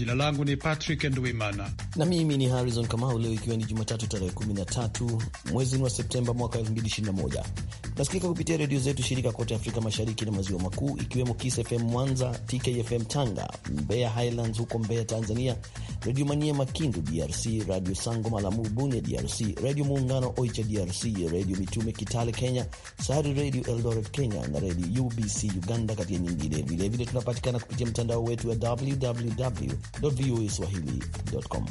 Jina langu ni Patrick Ndwimana na mimi ni Harrison Kamau. Leo ikiwa ni Jumatatu tarehe 13 mwezi wa Septemba mwaka 2021, nasikika kupitia redio zetu shirika kote Afrika Mashariki na Maziwa Makuu, ikiwemo Kiss FM Mwanza, TKFM Tanga, Mbeya Highlands huko Mbeya Tanzania, Redio Manyema Makindu DRC, Radio Sango Malamu Bune DRC, Redio Muungano Oicha DRC, Redio Mitume Kitale Kenya, Sahari Redio Eldoret Kenya na Redio UBC Uganda, kati ya nyingine. Vilevile tunapatikana kupitia mtandao wetu wa www voa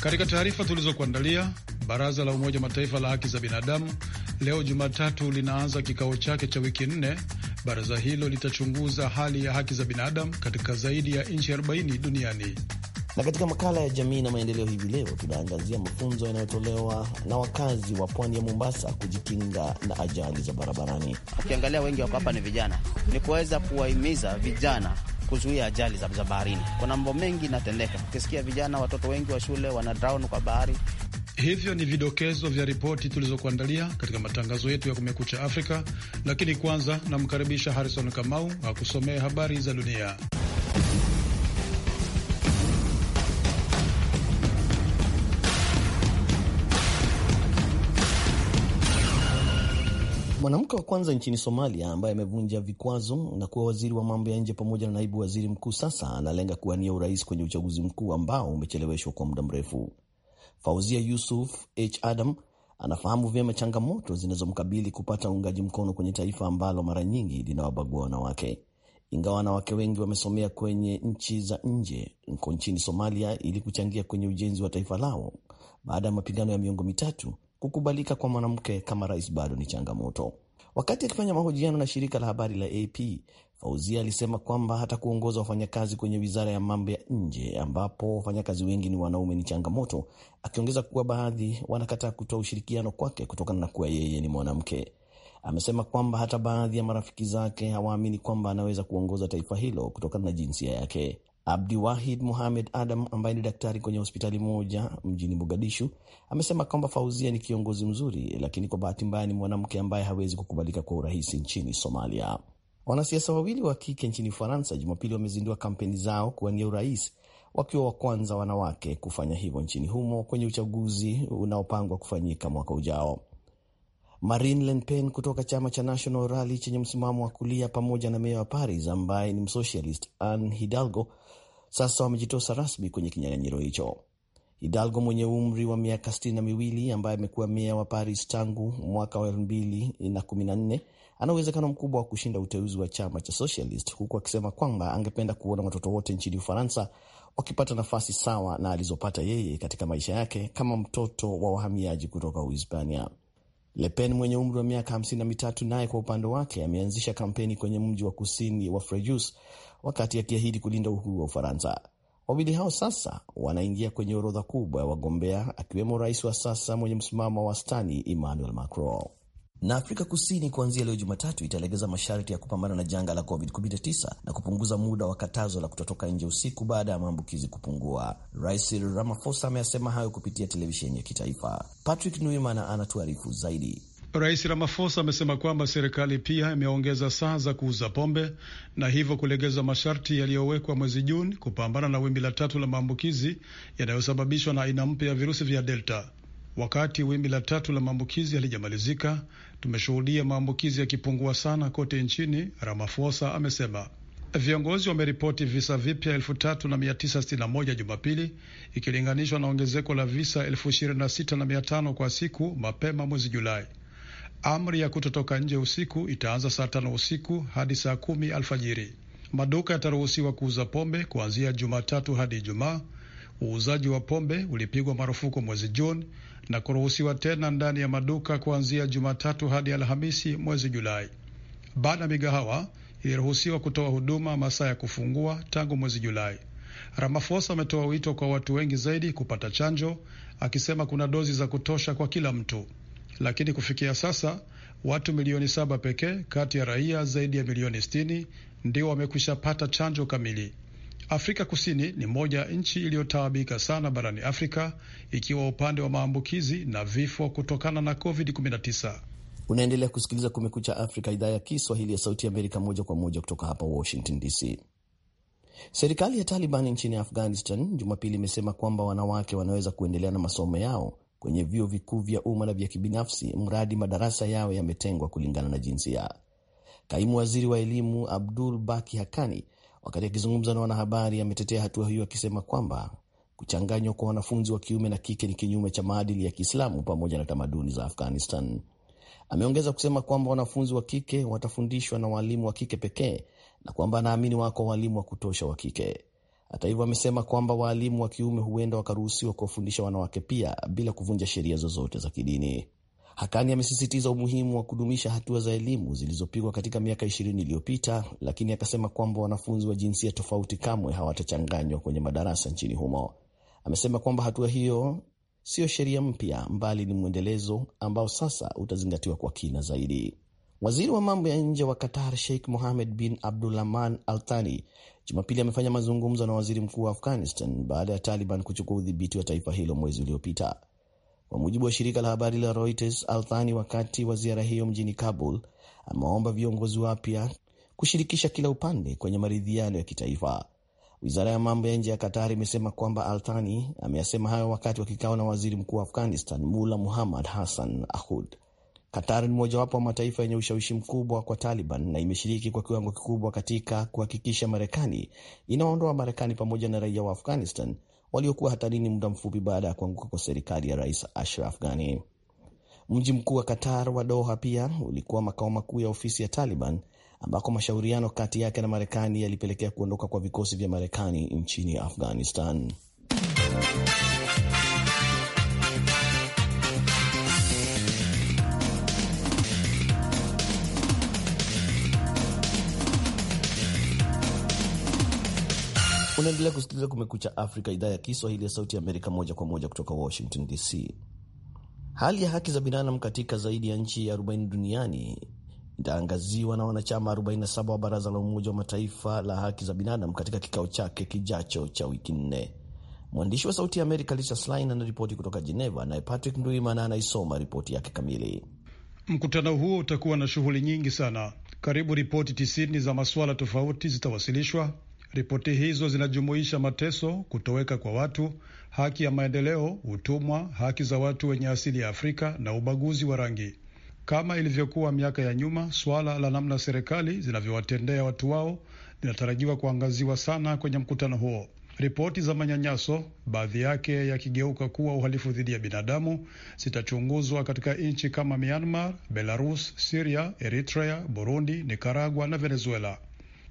Katika taarifa tulizokuandalia, baraza la Umoja Mataifa la haki za binadamu leo Jumatatu linaanza kikao chake cha wiki nne Baraza hilo litachunguza hali ya haki za binadamu katika zaidi ya nchi 40 duniani. Na katika makala ya jamii na maendeleo hivi leo tunaangazia mafunzo yanayotolewa na wakazi wa pwani ya Mombasa kujikinga na ajali za barabarani. Ukiangalia wengi wako hapa ni vijana, ni kuweza kuwahimiza vijana kuzuia ajali za baharini. Kuna mambo mengi inatendeka, ukisikia vijana, watoto wengi wa shule wana drown kwa bahari. Hivyo ni vidokezo vya ripoti tulizokuandalia katika matangazo yetu ya Kumekucha Afrika, lakini kwanza namkaribisha Harrison Kamau akusomee habari za dunia. Mwanamke wa kwanza nchini Somalia ambaye amevunja vikwazo na kuwa waziri wa mambo ya nje pamoja na naibu waziri mkuu, sasa analenga kuwania urais kwenye uchaguzi mkuu ambao umecheleweshwa kwa muda mrefu. Fauzia Yusuf H Adam anafahamu vyema changamoto zinazomkabili kupata uungaji mkono kwenye taifa ambalo mara nyingi linawabagua wanawake. Ingawa wanawake wengi wamesomea kwenye nchi za nje, ko nchini Somalia ili kuchangia kwenye ujenzi wa taifa lao baada ya mapigano ya miongo mitatu, kukubalika kwa mwanamke kama rais bado ni changamoto. Wakati akifanya mahojiano na shirika la habari la AP, Auzia alisema kwamba hata kuongoza wafanyakazi kwenye wizara ya mambo ya nje ambapo wafanyakazi wengi ni wanaume ni changamoto, akiongeza kuwa baadhi wanakataa kutoa ushirikiano kwake kutokana na kuwa yeye ni mwanamke. Amesema kwamba hata baadhi ya marafiki zake hawaamini kwamba anaweza kuongoza taifa hilo kutokana na jinsia yake. Abdi Wahid Muhamed Adam ambaye ni daktari kwenye hospitali moja mjini Mogadishu amesema kwamba Fauzia ni kiongozi mzuri, lakini kwa bahati mbaya ni mwanamke ambaye hawezi kukubalika kwa urahisi nchini Somalia. Wanasiasa wawili wa kike nchini Ufaransa Jumapili wamezindua kampeni zao kuwania urais wakiwa wa kwanza wanawake kufanya hivyo nchini humo kwenye uchaguzi unaopangwa kufanyika mwaka ujao. Marine Le Pen kutoka chama cha National Rally chenye msimamo wa kulia pamoja na meya wa Paris ambaye ni msocialist Anne Hidalgo sasa wamejitosa rasmi kwenye kinyang'anyiro hicho. Hidalgo mwenye umri wa miaka sitini na miwili ambaye amekuwa meya wa Paris tangu mwaka wa 2014 ana uwezekano mkubwa wa kushinda uteuzi wa chama cha Socialist, huku akisema kwamba angependa kuona watoto wote nchini Ufaransa wakipata nafasi sawa na alizopata yeye katika maisha yake kama mtoto wa wahamiaji kutoka Uhispania. Le Pen mwenye umri wa miaka hamsini na mitatu naye kwa upande wake ameanzisha kampeni kwenye mji wa kusini wa Frejus wakati akiahidi kulinda uhuru wa Ufaransa. Wawili hao sasa wanaingia kwenye orodha kubwa ya wagombea, akiwemo rais wa sasa mwenye msimamo wa wastani Emmanuel Macron. Na Afrika Kusini kuanzia leo Jumatatu italegeza masharti ya kupambana na janga la COVID-19 na kupunguza muda wa katazo la kutotoka nje usiku baada ya maambukizi kupungua. Rais ramafosa Ramaphosa ameyasema hayo kupitia televisheni ya kitaifa. Patrick Nuimana anatuarifu zaidi. Rais Ramaphosa amesema kwamba serikali pia imeongeza saa za kuuza pombe na hivyo kulegeza masharti yaliyowekwa mwezi Juni kupambana na wimbi la tatu la maambukizi yanayosababishwa na aina mpya ya virusi vya Delta. Wakati wimbi la tatu la maambukizi halijamalizika, tumeshuhudia maambukizi yakipungua sana kote nchini, Ramaphosa amesema. Viongozi wameripoti visa vipya 3961 Jumapili ikilinganishwa na ongezeko la visa 26500 kwa siku mapema mwezi Julai. Amri ya kutotoka nje usiku itaanza saa tano usiku hadi saa kumi alfajiri. Maduka yataruhusiwa kuuza pombe kuanzia Jumatatu hadi Ijumaa. Uuzaji wa pombe ulipigwa marufuku mwezi Juni na kuruhusiwa tena ndani ya maduka kuanzia Jumatatu hadi Alhamisi mwezi Julai. Baada ya migahawa iliruhusiwa kutoa huduma masaa ya kufungua tangu mwezi Julai. ramafosa ametoa wito kwa watu wengi zaidi kupata chanjo, akisema kuna dozi za kutosha kwa kila mtu lakini kufikia sasa watu milioni saba pekee kati ya raia zaidi ya milioni sitini ndio wamekwisha pata chanjo kamili. Afrika Kusini ni moja ya nchi iliyotaabika sana barani Afrika ikiwa upande wa maambukizi na vifo kutokana na COVID-19. Unaendelea kusikiliza Kumekucha Afrika, idhaa ya Kiswahili ya Sauti Amerika, moja kwa moja kutoka hapa Washington DC. Serikali ya Taliban nchini Afghanistan Jumapili imesema kwamba wanawake wanaweza kuendelea na masomo yao kwenye vyuo vikuu vya umma na vya kibinafsi, mradi madarasa yao yametengwa kulingana na jinsia. Kaimu waziri wa elimu Abdul Baki Hakani, wakati akizungumza na wanahabari, ametetea hatua hiyo akisema kwamba kuchanganywa kwa wanafunzi wa kiume na kike ni kinyume cha maadili ya Kiislamu pamoja na tamaduni za Afghanistan. Ameongeza kusema kwamba wanafunzi wa kike watafundishwa na waalimu wa kike pekee na kwamba anaamini wako waalimu wa kutosha wa kike. Hata hivyo, amesema kwamba waalimu wa kiume huenda wakaruhusiwa kuwafundisha wanawake pia bila kuvunja sheria zozote za kidini. Hakani amesisitiza umuhimu wa kudumisha hatua za elimu zilizopigwa katika miaka ishirini iliyopita, lakini akasema kwamba wanafunzi wa jinsia tofauti kamwe hawatachanganywa kwenye madarasa nchini humo. Amesema kwamba hatua hiyo sio sheria mpya, mbali ni mwendelezo ambao sasa utazingatiwa kwa kina zaidi. Waziri wa mambo ya nje wa Qatar Sheikh Mohammed bin Abdulrahman Al Thani Jumapili amefanya mazungumzo na waziri mkuu wa Afghanistan baada ya Taliban kuchukua udhibiti wa taifa hilo mwezi uliopita, kwa mujibu wa shirika la habari la Reuters. Althani, wakati wa ziara hiyo mjini Kabul, amewaomba viongozi wapya kushirikisha kila upande kwenye maridhiano ya kitaifa. Wizara ya mambo ya nje ya katari imesema kwamba Althani ameyasema hayo wakati wa kikao na waziri mkuu wa Afghanistan Mula Muhammad Hassan Ahud. Qatar ni mojawapo wa mataifa yenye ushawishi mkubwa kwa Taliban na imeshiriki kwa kiwango kikubwa katika kuhakikisha Marekani inaondoa Marekani pamoja na raia wa Afghanistan waliokuwa hatarini muda mfupi baada ya kuanguka kwa serikali ya Rais Ashraf Ghani. Mji mkuu wa Qatar wa Doha pia ulikuwa makao makuu ya ofisi ya Taliban ambako mashauriano kati yake na Marekani yalipelekea kuondoka kwa vikosi vya Marekani nchini Afghanistan. Unaendelea kusikiliza Kumekucha Afrika, idhaa ya Kiswahili ya Sauti ya Amerika, moja kwa moja kutoka Washington DC. Hali ya haki za binadamu katika zaidi ya nchi 40 duniani itaangaziwa na wanachama 47 wa Baraza la Umoja wa Mataifa la Haki za Binadamu katika kikao chake kijacho cha wiki nne. Mwandishi wa Sauti ya Amerika Lisa Schlein anaripoti kutoka Geneva, naye Patrick Nduimana anaisoma ripoti yake kamili. Mkutano huo utakuwa na shughuli nyingi sana. Karibu ripoti tisini za masuala tofauti zitawasilishwa Ripoti hizo zinajumuisha mateso, kutoweka kwa watu, haki ya maendeleo, utumwa, haki za watu wenye asili ya Afrika na ubaguzi wa rangi. Kama ilivyokuwa miaka ya nyuma, suala la namna serikali zinavyowatendea watu wao linatarajiwa kuangaziwa sana kwenye mkutano huo. Ripoti za manyanyaso, baadhi yake yakigeuka kuwa uhalifu dhidi ya binadamu, zitachunguzwa katika nchi kama Myanmar, Belarus, Siria, Eritrea, Burundi, Nikaragua na Venezuela.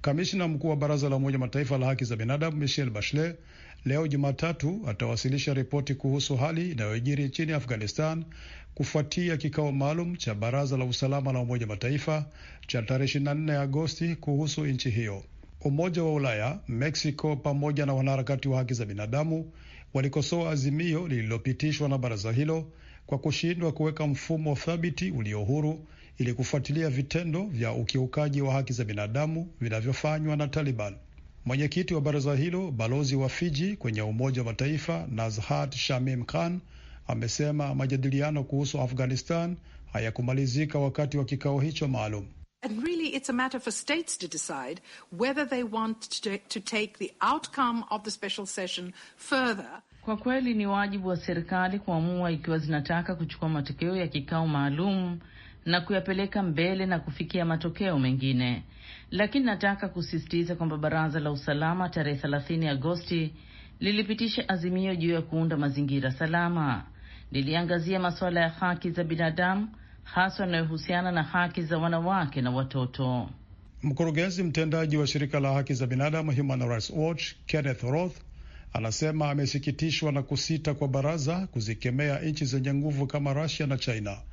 Kamishna mkuu wa baraza la Umoja Mataifa la haki za binadamu Michelle Bachelet leo Jumatatu atawasilisha ripoti kuhusu hali inayojiri nchini Afghanistan kufuatia kikao maalum cha baraza la usalama la Umoja Mataifa cha tarehe 24 Agosti kuhusu nchi hiyo. Umoja wa Ulaya, Mexico pamoja na wanaharakati wa haki za binadamu walikosoa azimio lililopitishwa na baraza hilo kwa kushindwa kuweka mfumo thabiti ulio huru ili kufuatilia vitendo vya ukiukaji wa haki za binadamu vinavyofanywa na Taliban. Mwenyekiti wa baraza hilo, balozi wa Fiji kwenye Umoja wa Mataifa Nazhat Shamim Khan, amesema majadiliano kuhusu Afghanistan hayakumalizika wakati wa kikao hicho maalum. Kwa kweli ni wajibu wa serikali kuamua ikiwa zinataka kuchukua matokeo ya kikao maalum na kuyapeleka mbele na kufikia matokeo mengine, lakini nataka kusisitiza kwamba Baraza la Usalama tarehe 30 Agosti lilipitisha azimio juu ya kuunda mazingira salama. Liliangazia masuala ya haki za binadamu haswa yanayohusiana na haki za wanawake na watoto. Mkurugenzi mtendaji wa shirika la haki za binadamu Human Rights Watch Kenneth Roth anasema amesikitishwa na kusita kwa baraza kuzikemea nchi zenye nguvu kama Russia na China.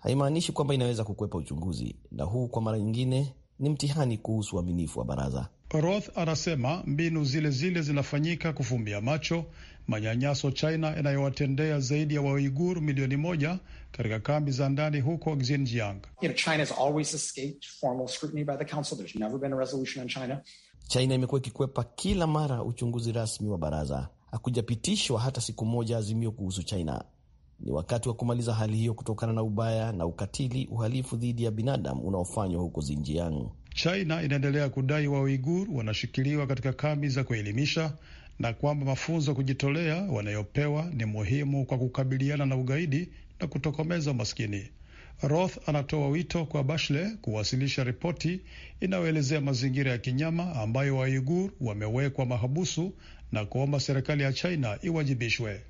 haimaanishi kwamba inaweza kukwepa uchunguzi, na huu kwa mara nyingine ni mtihani kuhusu uaminifu wa baraza. Roth anasema mbinu zile zile zinafanyika kufumbia macho manyanyaso China inayowatendea zaidi ya Wauigur milioni moja katika kambi za ndani huko Xinjiang. You know, China imekuwa ikikwepa kila mara uchunguzi rasmi wa baraza. Hakujapitishwa hata siku moja azimio kuhusu China. Ni wakati wa kumaliza hali hiyo kutokana na ubaya na ukatili, uhalifu dhidi ya binadamu unaofanywa huko Zinjiang. China inaendelea kudai wa Uigur wanashikiliwa katika kambi za kuelimisha na kwamba mafunzo ya kujitolea wanayopewa ni muhimu kwa kukabiliana na ugaidi na kutokomeza umaskini. Roth anatoa wito kwa Bashle kuwasilisha ripoti inayoelezea mazingira ya kinyama ambayo Waigur wamewekwa mahabusu na kuomba serikali ya China iwajibishwe.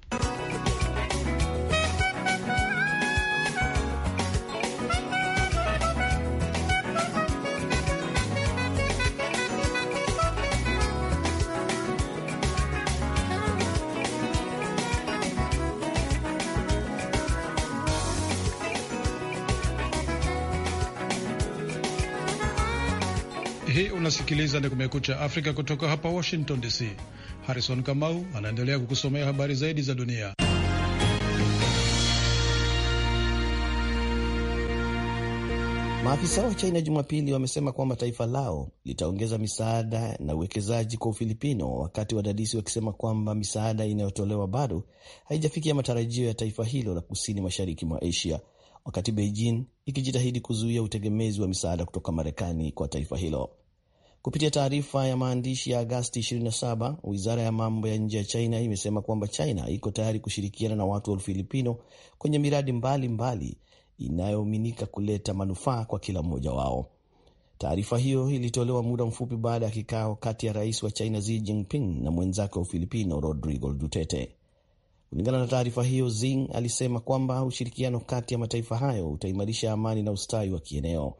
unasikiliza ni Kumekucha Afrika kutoka hapa Washington DC. Harrison Kamau anaendelea kukusomea habari zaidi za dunia. Maafisa wa China Jumapili wamesema kwamba taifa lao litaongeza misaada na uwekezaji kwa Ufilipino, wakati wadadisi wakisema kwamba misaada inayotolewa bado haijafikia matarajio ya taifa hilo la kusini mashariki mwa Asia, wakati Beijing ikijitahidi kuzuia utegemezi wa misaada kutoka Marekani kwa taifa hilo. Kupitia taarifa ya maandishi ya Agasti 27, wizara ya mambo ya nje ya China imesema kwamba China iko tayari kushirikiana na watu wa Ufilipino kwenye miradi mbalimbali inayoaminika kuleta manufaa kwa kila mmoja wao. Taarifa hiyo ilitolewa muda mfupi baada ya kikao kati ya rais wa China Xi Jinping na mwenzake wa Ufilipino Rodrigo Duterte. Kulingana na taarifa hiyo, Xi alisema kwamba ushirikiano kati ya mataifa hayo utaimarisha amani na ustawi wa kieneo.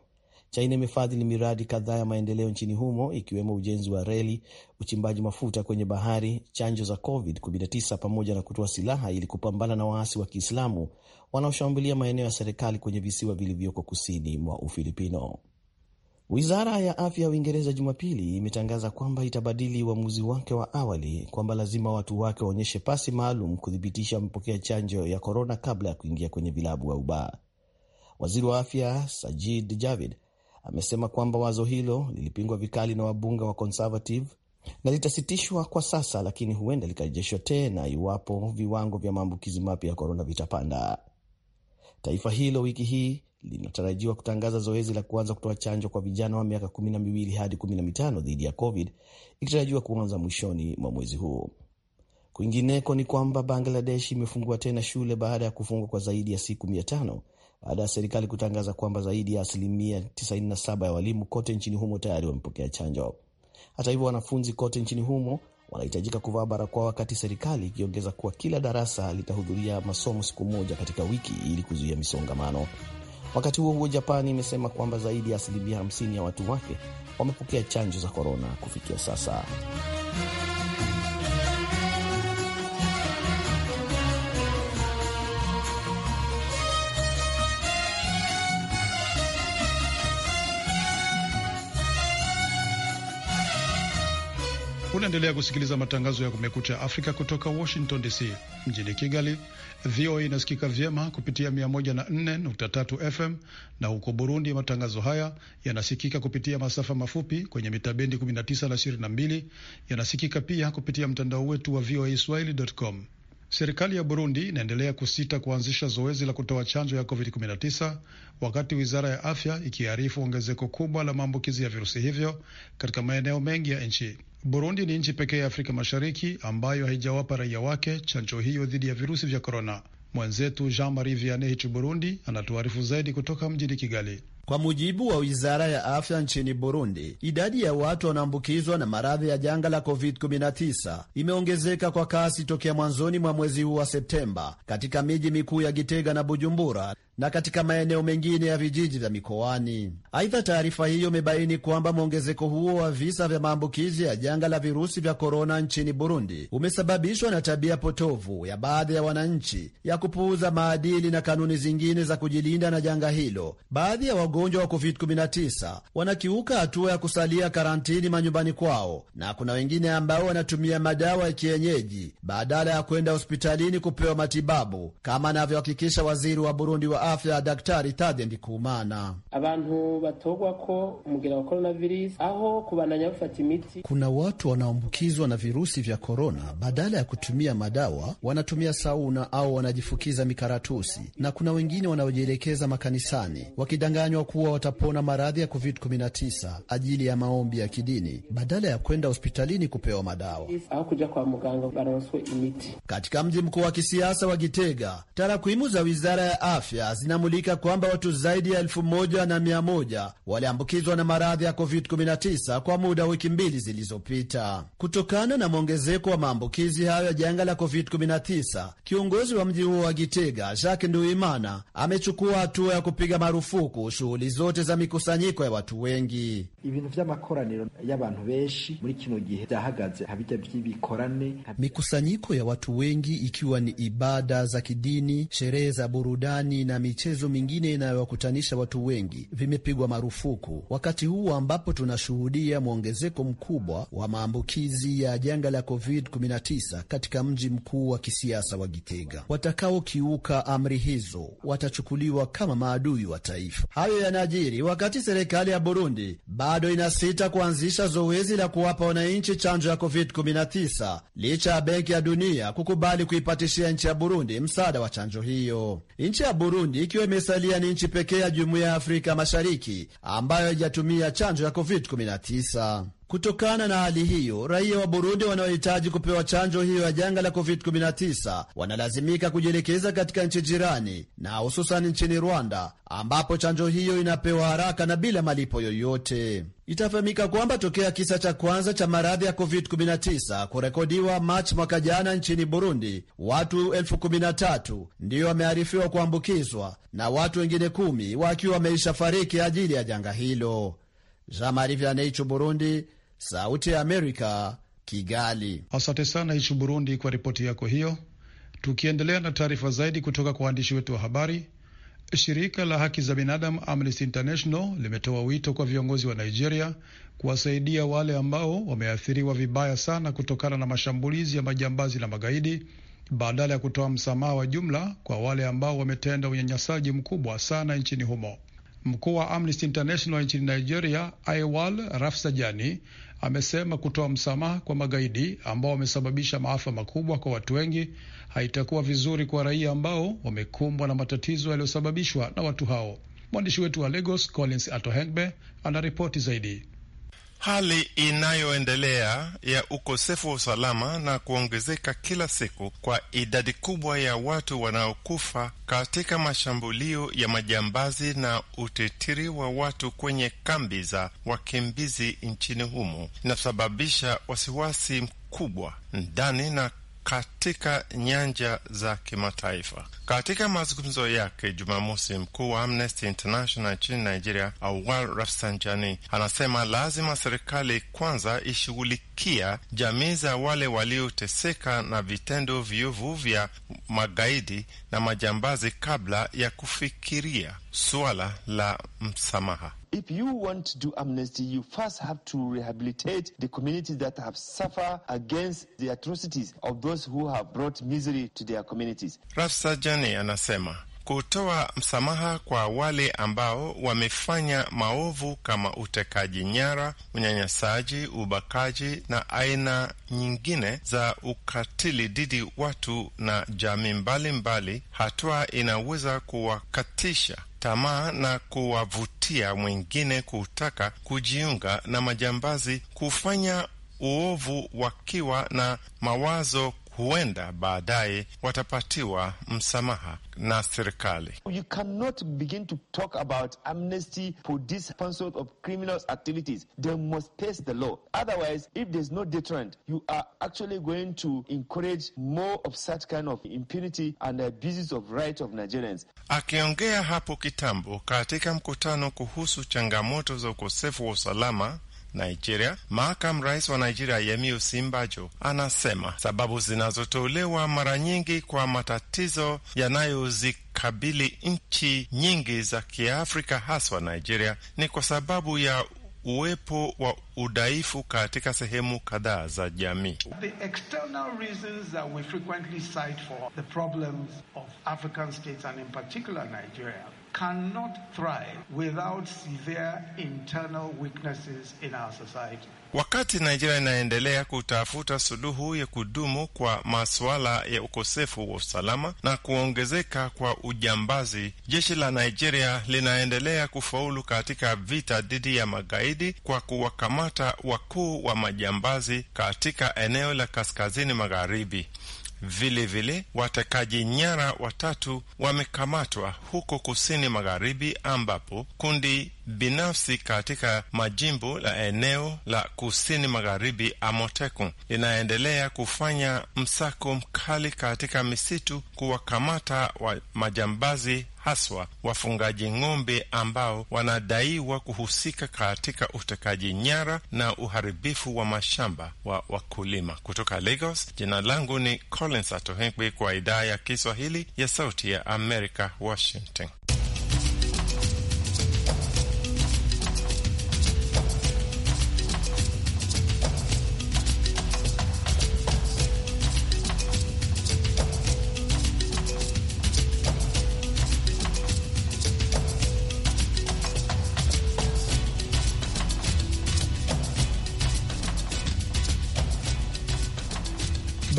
China imefadhili miradi kadhaa ya maendeleo nchini humo ikiwemo ujenzi wa reli, uchimbaji mafuta kwenye bahari, chanjo za COVID-19 pamoja na kutoa silaha ili kupambana na waasi wa Kiislamu wanaoshambulia maeneo ya serikali kwenye visiwa vilivyoko kusini mwa Ufilipino. Wizara ya afya ya Uingereza Jumapili imetangaza kwamba itabadili uamuzi wa wake wa awali kwamba lazima watu wake waonyeshe pasi maalum kuthibitisha mpokea chanjo ya korona kabla ya kuingia kwenye vilabu au baa. Waziri wa afya Sajid Javid amesema kwamba wazo hilo lilipingwa vikali na wabunge wa Conservative na litasitishwa kwa sasa, lakini huenda likarejeshwa tena iwapo viwango vya maambukizi mapya ya korona vitapanda. Taifa hilo wiki hii linatarajiwa kutangaza zoezi la kuanza kutoa chanjo kwa vijana wa miaka kumi na miwili hadi kumi na mitano dhidi ya COVID ikitarajiwa kuanza mwishoni mwa mwezi huu. Kwingineko ni kwamba Bangladesh imefungua tena shule baada ya kufungwa kwa zaidi ya siku mia tano baada ya serikali kutangaza kwamba zaidi ya asilimia 97 ya walimu kote nchini humo tayari wamepokea chanjo. Hata hivyo, wanafunzi kote nchini humo wanahitajika kuvaa barakoa, wakati serikali ikiongeza kuwa kila darasa litahudhuria masomo siku moja katika wiki ili kuzuia misongamano. Wakati huo huo, Japani imesema kwamba zaidi ya asilimia 50 ya watu wake wamepokea chanjo za korona kufikia sasa. Unaendelea kusikiliza matangazo ya Kumekucha Afrika kutoka Washington DC. Mjini Kigali, VOA inasikika vyema kupitia 104.3 FM na huko Burundi matangazo haya yanasikika kupitia masafa mafupi kwenye mitabendi 19 na 22. Yanasikika pia kupitia mtandao wetu wa voa swahili.com. Serikali ya Burundi inaendelea kusita kuanzisha zoezi la kutoa chanjo ya COVID-19 wakati wizara ya afya ikiarifu ongezeko kubwa la maambukizi ya virusi hivyo katika maeneo mengi ya nchi. Burundi ni nchi pekee ya Afrika Mashariki ambayo haijawapa raia wake chanjo hiyo dhidi ya virusi vya korona. Mwenzetu Jean Marie Vianney hichi Burundi anatuarifu zaidi kutoka mjini Kigali. Kwa mujibu wa wizara ya afya nchini Burundi, idadi ya watu wanaambukizwa na maradhi ya janga la COVID-19 imeongezeka kwa kasi tokea mwanzoni mwa mwezi huu wa Septemba katika miji mikuu ya Gitega na Bujumbura, na katika maeneo mengine ya vijiji vya mikoani. Aidha, taarifa hiyo imebaini kwamba mwongezeko huo wa visa vya maambukizi ya janga la virusi vya korona nchini Burundi umesababishwa na tabia potovu ya baadhi ya wananchi ya kupuuza maadili na kanuni zingine za kujilinda na janga hilo. Baadhi ya wagonjwa wa COVID-19 wanakiuka hatua ya kusalia karantini manyumbani kwao, na kuna wengine ambao wanatumia madawa ya kienyeji badala ya kwenda hospitalini kupewa matibabu, kama anavyohakikisha waziri wa Burundi wa afya Daktari Tade Ndikumana. abantu batogwa ko umugera wa aho kubananya imiti. Kuna watu wanaambukizwa na virusi vya korona, badala ya kutumia madawa wanatumia sauna au wanajifukiza mikaratusi, na kuna wengine wanaojielekeza makanisani wakidanganywa kuwa watapona maradhi ya covid-19 ajili ya maombi ya kidini, badala ya kwenda hospitalini kupewa madawa aho kuja kwa imiti. Katika mji mkuu wa kisiasa wa Gitega, tarakwimu za wizara ya afya zinamulika kwamba watu zaidi ya elfu moja na mia moja waliambukizwa na maradhi ya COVID-19 kwa muda wa wiki mbili zilizopita. Kutokana na mwongezeko wa maambukizi hayo ya janga la COVID-19, kiongozi wa mji huo wa Gitega, Jacques Nduimana, amechukua hatua ya kupiga marufuku shughuli zote za mikusanyiko ya watu wengi. ibintu y'abantu benshi muri kino gihe mikusanyiko ya watu wengi ikiwa ni ibada za kidini, sherehe za burudani na michezo mingine inayowakutanisha watu wengi vimepigwa marufuku, wakati huu ambapo tunashuhudia mwongezeko mkubwa wa maambukizi ya janga la COVID-19 katika mji mkuu wa kisiasa wa Gitega. Watakaokiuka amri hizo watachukuliwa kama maadui wa taifa. Hayo yanajiri wakati serikali ya Burundi bado inasita kuanzisha zoezi la kuwapa wananchi chanjo ya COVID-19 licha ya Benki ya Dunia kukubali kuipatishia nchi ya Burundi msaada wa chanjo hiyo. Nchi ya Burundi ikiwa imesalia ni nchi pekee ya jumuiya ya Afrika Mashariki ambayo haijatumia chanjo ya COVID-19. Kutokana na hali hiyo, raia wa Burundi wanaohitaji kupewa chanjo hiyo ya janga la COVID-19 wanalazimika kujielekeza katika nchi jirani na hususan nchini Rwanda, ambapo chanjo hiyo inapewa haraka na bila malipo yoyote. Itafahamika kwamba tokea kisa cha kwanza cha maradhi ya COVID-19 kurekodiwa Machi mwaka jana nchini Burundi, watu elfu kumi na tatu ndiyo wamearifiwa kuambukizwa na watu wengine kumi wakiwa wameisha fariki ajili ya janga hilo. Jean Marie Vianney, Burundi. Sauti ya Amerika, Kigali. Asante sana Hichu Burundi kwa ripoti yako hiyo. Tukiendelea na taarifa zaidi kutoka kwa waandishi wetu wa habari, shirika la haki za binadamu Amnesty International limetoa wito kwa viongozi wa Nigeria kuwasaidia wale ambao wameathiriwa vibaya sana kutokana na mashambulizi ya majambazi na magaidi badala ya kutoa msamaha wa jumla kwa wale ambao wametenda unyanyasaji mkubwa sana nchini humo. Mkuu wa Amnesty International nchini Nigeria, Aiwal Rafsajani, amesema kutoa msamaha kwa magaidi ambao wamesababisha maafa makubwa kwa watu wengi haitakuwa vizuri kwa raia ambao wamekumbwa na matatizo yaliyosababishwa na watu hao. Mwandishi wetu wa Lagos, Collins Atohengbe, anaripoti zaidi. Hali inayoendelea ya ukosefu wa usalama na kuongezeka kila siku kwa idadi kubwa ya watu wanaokufa katika mashambulio ya majambazi na utitiri wa watu kwenye kambi za wakimbizi nchini humo inasababisha wasiwasi mkubwa ndani na katika nyanja za kimataifa. Katika mazungumzo yake Jumamosi, mkuu wa Amnesty International nchini Nigeria, Awal Rafsanjani, anasema lazima serikali kwanza ishughulikia jamii za wale walioteseka na vitendo viovu vya magaidi na majambazi kabla ya kufikiria suala la msamaha. If you want to do amnesty, you first have to rehabilitate the communities that have suffered against the atrocities of those who have brought misery to their communities. Rafsanjani anasema kutoa msamaha kwa wale ambao wamefanya maovu kama utekaji nyara, unyanyasaji, ubakaji na aina nyingine za ukatili dhidi watu na jamii mbalimbali, hatua inaweza kuwakatisha tamaa na kuwavutia mwingine kutaka kujiunga na majambazi kufanya uovu wakiwa na mawazo huenda baadaye watapatiwa msamaha na serikali. You cannot begin to talk about amnesty for this of criminal activities. They must the law. Otherwise, if there's no deterrent, you are actually going to encourage more of such kind of impunity and abuses of of Nigerians. Akiongea hapo kitambo katika mkutano kuhusu changamoto za ukosefu wa usalama Nigeria, makamu rais wa Nigeria Yemi Osinbajo anasema sababu zinazotolewa mara nyingi kwa matatizo yanayozikabili kabili nchi nyingi za Kiafrika haswa Nigeria ni kwa sababu ya uwepo wa udhaifu katika sehemu kadhaa za jamii cannot thrive without severe internal weaknesses in our society. Wakati Nigeria inaendelea kutafuta suluhu ya kudumu kwa masuala ya ukosefu wa usalama na kuongezeka kwa ujambazi, jeshi la Nigeria linaendelea kufaulu katika vita dhidi ya magaidi kwa kuwakamata wakuu wa majambazi katika eneo la kaskazini magharibi. Vilevile, watekaji nyara watatu wamekamatwa huko kusini magharibi, ambapo kundi binafsi katika majimbo la eneo la kusini magharibi Amoteku linaendelea kufanya msako mkali katika misitu kuwakamata wa majambazi haswa wafungaji ng'ombe ambao wanadaiwa kuhusika katika utekaji nyara na uharibifu wa mashamba wa wakulima. Kutoka Lagos, jina langu ni Collins Atohengwi kwa idhaa ya Kiswahili ya Sauti ya Amerika, Washington.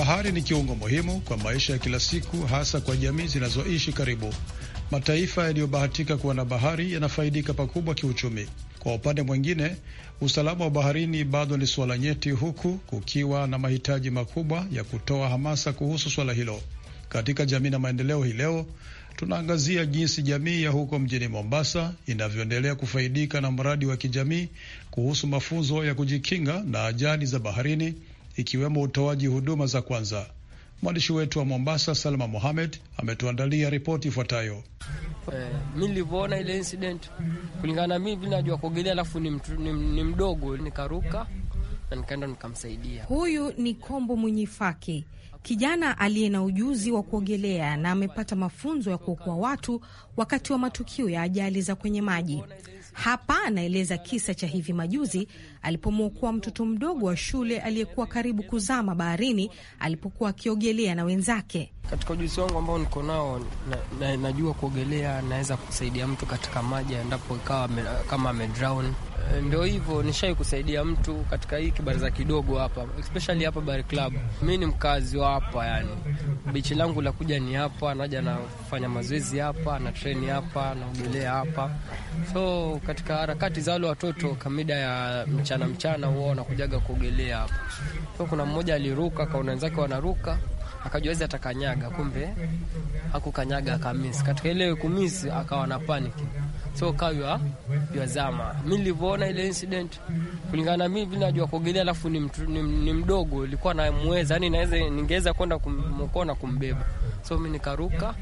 Bahari ni kiungo muhimu kwa maisha ya kila siku, hasa kwa jamii zinazoishi karibu. Mataifa yaliyobahatika kuwa na bahari yanafaidika pakubwa kiuchumi. Kwa upande mwingine, usalama wa baharini bado ni suala nyeti, huku kukiwa na mahitaji makubwa ya kutoa hamasa kuhusu suala hilo. Katika jamii na maendeleo, hii leo tunaangazia jinsi jamii ya huko mjini Mombasa inavyoendelea kufaidika na mradi wa kijamii kuhusu mafunzo ya kujikinga na ajali za baharini ikiwemo utoaji huduma za kwanza. Mwandishi wetu wa Mombasa, Salma Mohamed, ametuandalia ripoti ifuatayo. Eh, mi nilivyoona ile incident, kulingana na mi vile najua kuogelea, alafu ni, ni, ni mdogo, nikaruka na nikaenda nikamsaidia. Huyu ni Kombo Fake, kijana aliye na ujuzi wa kuogelea na amepata mafunzo ya kuokoa watu wakati wa matukio ya ajali za kwenye maji. Hapa anaeleza kisa cha hivi majuzi alipomwokoa mtoto mdogo wa shule aliyekuwa karibu kuzama baharini alipokuwa akiogelea na wenzake. Katika ujuzi wangu ambao niko nao na, na, najua kuogelea, naweza kusaidia mtu katika maji endapo ikawa kama amedrown Eh, ndio hivyo, nishai kusaidia mtu katika hii kibaraza kidogo hapa, especially hapa Bar Club. Mi ni mkazi wa hapa, yani bichi langu la kuja ni hapa, naja nafanya mazoezi hapa na treni hapa naogelea hapa. So katika harakati za wale watoto kamida ya mchana mchana, huwa wanakujaga kuogelea hapa. So kuna mmoja aliruka, kaona wenzake wanaruka akajuwezi atakanyaga, kumbe hakukanyaga, akamisi. Katika ile kumisi akawa na paniki so kawa ywa zama. Mi nilivyoona ile incident, kulingana na mimi vile najua kuogelea, alafu ni, ni, ni mdogo, ilikuwa namweza, yani naweza ningeweza kwenda kumwokoa na kumbeba, so mi nikaruka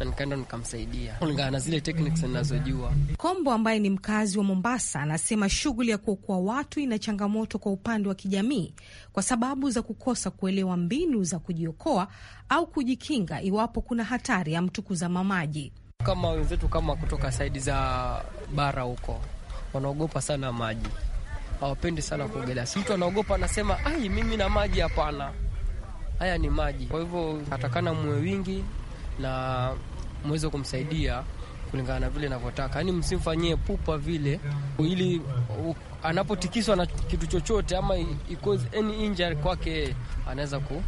na nikaenda nikamsaidia kulingana na zile techniques ninazojua. Kombo ambaye ni mkazi wa Mombasa anasema shughuli ya kuokoa watu ina changamoto kwa upande wa kijamii kwa sababu za kukosa kuelewa mbinu za kujiokoa au kujikinga iwapo kuna hatari ya mtu kuzama maji. Kama wenzetu kama kutoka saidi za bara huko wanaogopa sana maji, hawapendi sana kuogelea. Si mtu anaogopa anasema, ai, mimi na maji hapana, haya ni maji. Kwa hivyo atakana mwe wingi na mweze kumsaidia kulingana na vile navyotaka yaani msimfanyie pupa vile, ili anapotikiswa na kitu chochote ama cause any injury kwake anaweza ku,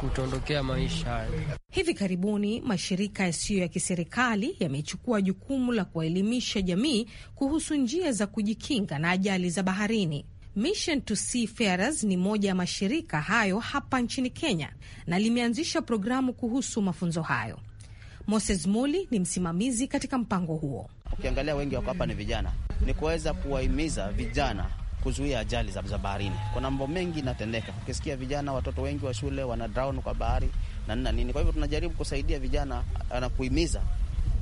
kutondokea maisha. Hivi karibuni mashirika yasiyo ya kiserikali yamechukua jukumu la kuwaelimisha jamii kuhusu njia za kujikinga na ajali za baharini. Mission to Seafarers ni moja ya mashirika hayo hapa nchini Kenya na limeanzisha programu kuhusu mafunzo hayo. Moses Muli ni msimamizi katika mpango huo. Ukiangalia wengi wako hapa ni vijana, ni kuweza kuwahimiza vijana kuzuia ajali za baharini. Kuna mambo mengi inatendeka, ukisikia vijana, watoto wengi wa shule wana drown kwa bahari na nina nini. Kwa hivyo tunajaribu kusaidia vijana eh, na kuhimiza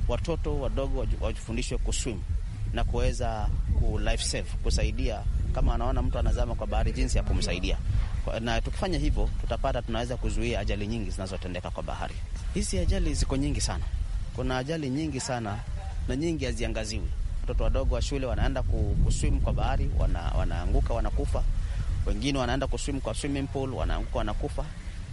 watoto wadogo wajifundishwe kuswim na kuweza ku life save, kusaidia kama anaona mtu anazama kwa bahari, jinsi ya kumsaidia. Na tukifanya hivyo, tutapata tunaweza kuzuia ajali nyingi zinazotendeka kwa bahari. Hizi ajali ziko nyingi sana, kuna ajali nyingi sana na nyingi haziangaziwi. Watoto wadogo wa shule wanaenda kuswim kwa bahari, wana, wanaanguka wanakufa. Wengine wanaenda kuswim kwa swimming pool, wanaanguka wanakufa.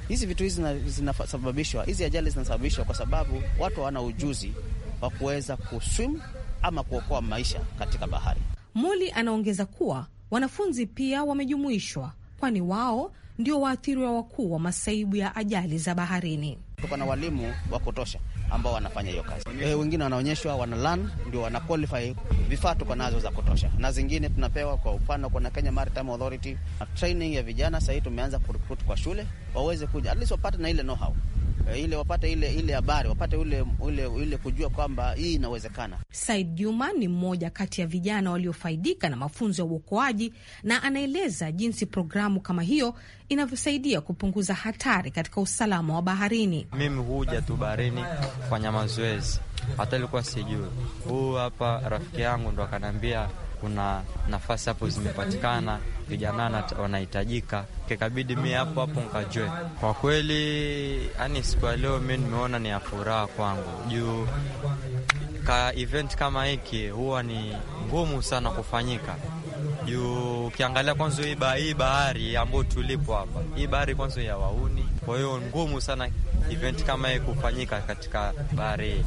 Hizi vitu hizi zinasababishwa, hizi ajali zinasababishwa kwa sababu watu hawana ujuzi wa kuweza kuswim ama kuokoa maisha katika bahari. Muli anaongeza kuwa wanafunzi pia wamejumuishwa, kwani wao ndio waathiriwa wakuu wa masaibu ya ajali za baharini. Tuko na walimu wa kutosha ambao wanafanya hiyo kazi. E, wengine wanaonyeshwa wana learn, ndio wana qualify. Vifaa tuko nazo za kutosha, na zingine tunapewa kwa upano Kuna Kenya Maritime Authority training ya vijana, sahii tumeanza kurecruit kwa shule waweze kuja at least wapate na ile know how Eh, ile wapate ile ile habari wapate ule, ule, ule kujua kwamba hii inawezekana. Said Juma ni mmoja kati ya vijana waliofaidika na mafunzo ya uokoaji na anaeleza jinsi programu kama hiyo inavyosaidia kupunguza hatari katika usalama wa baharini. Mimi huja tu baharini kufanya mazoezi, hata ilikuwa sijui. Huu hapa rafiki yangu ndo akanambia kuna nafasi hapo zimepatikana, vijana wanahitajika, kikabidi mi hapo hapo nkajwe. Kwa kweli, yani siku ya leo mi nimeona ni ya furaha kwangu juu ka event kama hiki huwa ni ngumu sana kufanyika juu ukiangalia kwanza hii bahari ambayo tulipo hapa, hii bahari kwanza ya Wauni, kwa hiyo ngumu sana event kama hii kufanyika katika bahari hii.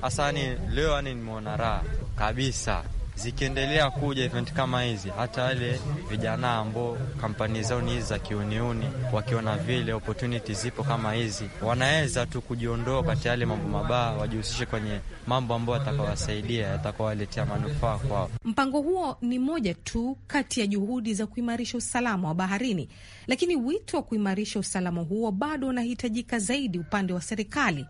Hasa ni leo, yani nimeona raha kabisa zikiendelea kuja event kama hizi, hata wale vijana ambao kampani zao ni hizi za kiuniuni, wakiona vile opportunity zipo kama hizi, wanaweza tu kujiondoa kati yale mambo mabaya, wajihusishe kwenye mambo ambayo yatakawasaidia, yatakawaletea manufaa kwao. Mpango huo ni moja tu kati ya juhudi za kuimarisha usalama wa baharini, lakini wito wa kuimarisha usalama huo bado unahitajika zaidi upande wa serikali,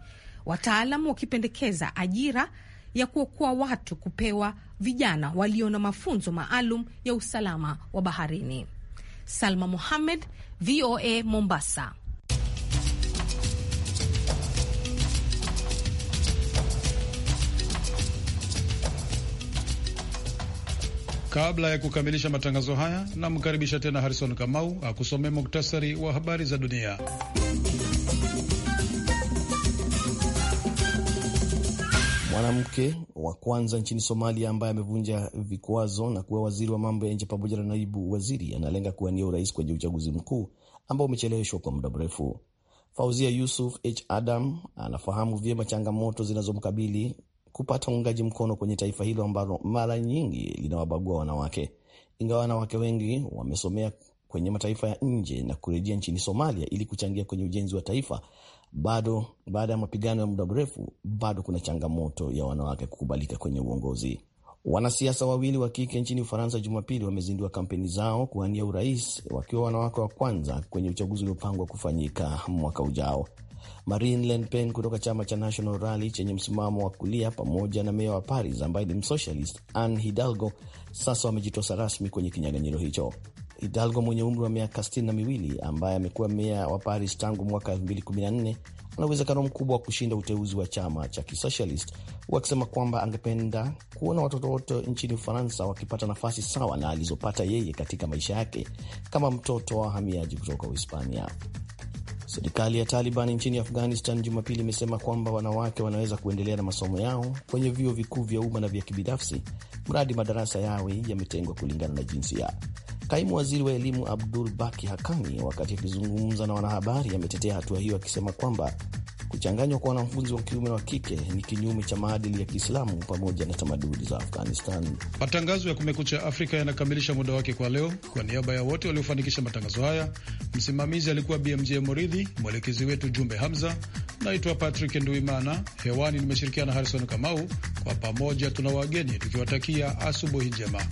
wataalamu wakipendekeza ajira ya kuokoa watu kupewa vijana walio na mafunzo maalum ya usalama wa baharini. Salma Mohamed, VOA Mombasa. Kabla ya kukamilisha matangazo haya, namkaribisha tena Harrison Kamau akusomea muktasari wa habari za dunia. mwanamke wa kwanza nchini Somalia ambaye amevunja vikwazo na kuwa waziri wa mambo ya nje pamoja na naibu waziri, analenga kuwania urais kwenye uchaguzi mkuu ambao umecheleweshwa kwa muda mrefu. Fauzia Yusuf H Adam anafahamu vyema changamoto zinazomkabili kupata uungaji mkono kwenye taifa hilo ambalo mara nyingi linawabagua wanawake. Ingawa wanawake wengi wamesomea kwenye mataifa ya nje na kurejea nchini Somalia ili kuchangia kwenye ujenzi wa taifa, bado baada ya mapigano ya muda mrefu, bado kuna changamoto ya wanawake kukubalika kwenye uongozi. Wanasiasa wawili wa kike nchini Ufaransa Jumapili wamezindua kampeni zao kuwania urais wakiwa wanawake wa kwanza kwenye uchaguzi uliopangwa kufanyika mwaka ujao. Marine Le Pen kutoka chama cha National Rally chenye msimamo wa kulia pamoja na meya wa Paris ambaye ni msocialist Anne Hidalgo sasa wamejitosa rasmi kwenye kinyang'anyiro hicho. Hidalgo mwenye umri wa miaka sitini na miwili ambaye amekuwa meya wa Paris tangu mwaka 2014 ana uwezekano mkubwa wa kushinda uteuzi wa chama cha kisocialist huku akisema kwamba angependa kuona watoto wote nchini Ufaransa wakipata nafasi sawa na alizopata yeye katika maisha yake kama mtoto wa wahamiaji kutoka Uhispania. Serikali ya Taliban nchini Afghanistan Jumapili imesema kwamba wanawake wanaweza kuendelea na masomo yao kwenye vyuo vikuu vya umma na vya kibinafsi, mradi madarasa yawe yametengwa kulingana na jinsia. Kaimu waziri wa elimu Abdul Baki Hakani, wakati akizungumza na wanahabari, ametetea hatua hiyo akisema kwamba kuchanganywa kwa wanafunzi wa kiume na wa kike ni kinyume cha maadili ya Kiislamu pamoja na tamaduni za Afghanistan. Matangazo ya Kumekucha Afrika yanakamilisha muda wake kwa leo. Kwa niaba ya wote waliofanikisha matangazo haya, msimamizi alikuwa BMJ Moridhi, mwelekezi wetu Jumbe Hamza. Naitwa Patrick Nduimana, hewani nimeshirikiana Harrison Kamau. Kwa pamoja tuna wageni tukiwatakia asubuhi njema.